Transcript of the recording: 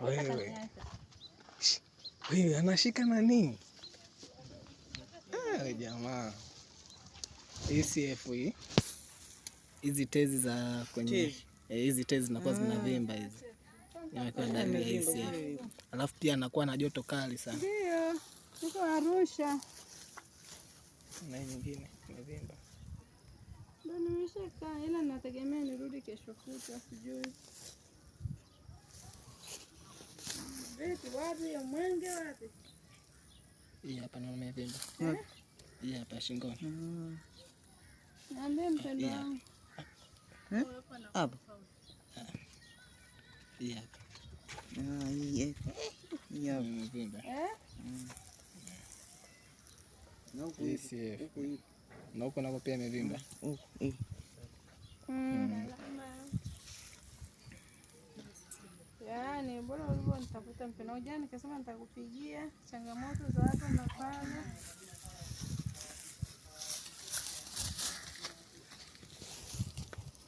Wewe wewe, anashika nani? Ah, jamaa ECF hii, e. hizi tezi za kwenye eh, hizi tezi zinakuwa zinavimba ah. hizi, nimekuwa ndani ya ECF, e. alafu pia anakuwa na joto kali sana. Ndio niko Arusha na nyingine imevimba ndio nimeshakaa, ila nategemea nirudi kesho kutwa, sijui vipi. Wapi ya mwenge? Wapi hii hapa naona vile eh? hii hapa shingoni. Mm. Niambie mpendo wangu eh? Eh? hapa ah, hii hapa hii hapa na huko nako pia imevimba Yaani bora ulivyo nitafuta mpena ujana, nikasema nitakupigia changamoto za watu na